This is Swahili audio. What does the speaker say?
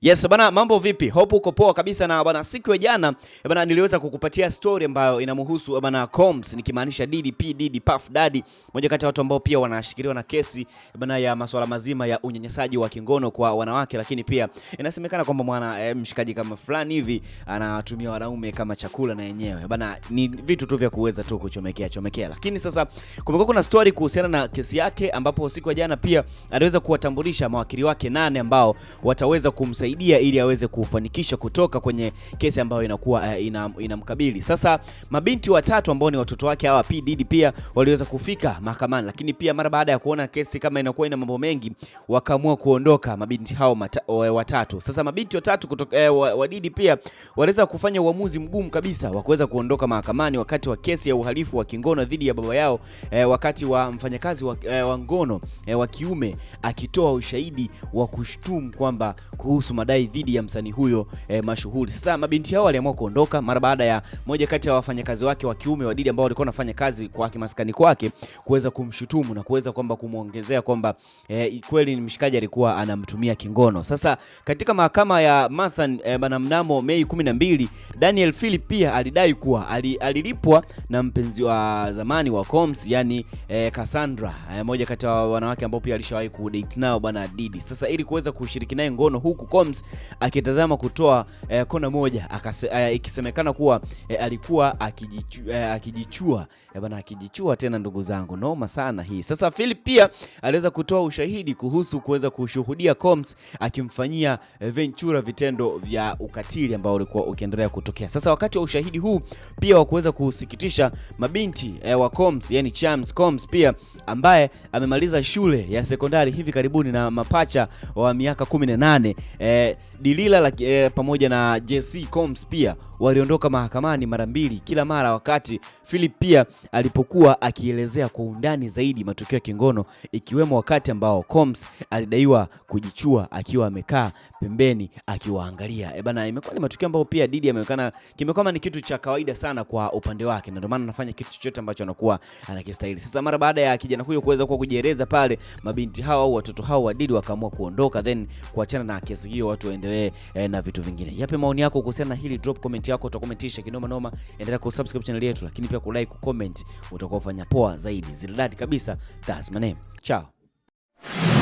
Yes bana, mambo vipi? Hope uko poa kabisa na bana, siku ya jana eh, bana, niliweza kukupatia story ambayo inamhusu eh, bana Combs, nikimaanisha DDP Diddy Puff Daddy, mmoja kati ya watu ambao pia wanashikiliwa na kesi eh, bana ya masuala mazima ya unyanyasaji wa kingono kwa wanawake, lakini pia inasemekana kwamba mwana eh, mshikaji kama fulani hivi anatumia wanaume kama chakula na yenyewe bana, ni vitu tu vya kuweza tu kuchomekea chomekea. Lakini sasa kumekuwa kuna story kuhusiana na kesi yake, ambapo siku ya jana pia aliweza kuwatambulisha mawakili wake nane ambao wataweza kumsaidia kumsaidia ili aweze kufanikisha kutoka kwenye kesi ambayo inakuwa eh, inamkabili. Ina sasa mabinti watatu ambao ni watoto wake hawa PDD pia waliweza kufika mahakamani, lakini pia mara baada ya kuona kesi kama inakuwa ina mambo mengi wakaamua kuondoka mabinti hao mata, watatu. Sasa mabinti watatu kutoka uh, eh, wa pia waliweza kufanya uamuzi mgumu kabisa wa kuweza kuondoka mahakamani wakati wa kesi ya uhalifu wa kingono dhidi ya baba yao uh, wakati wa mfanyakazi wa, uh, wa ngono uh, wa kiume akitoa ushahidi wa kushtumu kwamba kuhusu madai dhidi ya msanii huyo eh, mashuhuri. Sasa mabinti hao waliamua kuondoka mara baada ya moja kati ya wafanyakazi wake wa kiume wa Didi ambao walikuwa wanafanya kazi kwake maskani kwake kuweza kumshutumu na kuweza kwamba kumwongezea kwamba eh, kweli ni mshikaji alikuwa anamtumia kingono. Sasa katika mahakama ya Mathan eh, bana mnamo Mei 12 Daniel Philip pia alidai kuwa ali, alilipwa na mpenzi wa zamani wa Combs yani eh, Cassandra eh, moja kati ya wanawake ambao pia alishawahi kudate nao bana Didi. Sasa ili kuweza kushiriki naye ngono huku Holmes akitazama kutoa eh, kona moja akase, eh, ikisemekana kuwa eh, alikuwa akijichu, eh, akijichua eh, bana akijichua tena, ndugu zangu, noma sana hii. Sasa Philip pia aliweza kutoa ushahidi kuhusu kuweza kushuhudia Combs akimfanyia eh, Ventura vitendo vya ukatili ambao ulikuwa ukiendelea kutokea. Sasa wakati wa ushahidi huu pia wa kuweza kusikitisha mabinti eh, wa Combs, yani Chams Combs pia ambaye amemaliza shule ya sekondari hivi karibuni na mapacha wa miaka 18 eh, that Dilila la, e, pamoja na JC Combs pia waliondoka mahakamani mara mbili kila mara, wakati Philip pia alipokuwa akielezea kwa undani zaidi matukio ya kingono, ikiwemo wakati ambao Combs alidaiwa kujichua akiwa amekaa pembeni akiwaangalia. E bana, imekuwa ni matukio ambayo pia Didi ameonekana kimekuwa ni kitu cha kawaida sana kwa upande wake, na ndio maana anafanya kitu chochote ambacho anakuwa anakistahili. Sasa mara baada ya kijana huyo kuweza kuwa kujieleza pale, mabinti hao au watoto hao wa Didi wakaamua kuondoka then kuachana na kesi hiyo, watu waende tuendelee eh, na vitu vingine. Yape maoni yako kuhusiana na hili, drop comment yako, utakomentisha kinoma noma. Endelea kusubscribe channel yetu, lakini pia kulike, kucomment, utakuwa ufanya poa zaidi. Zilidadi kabisa, that's my name. Ciao.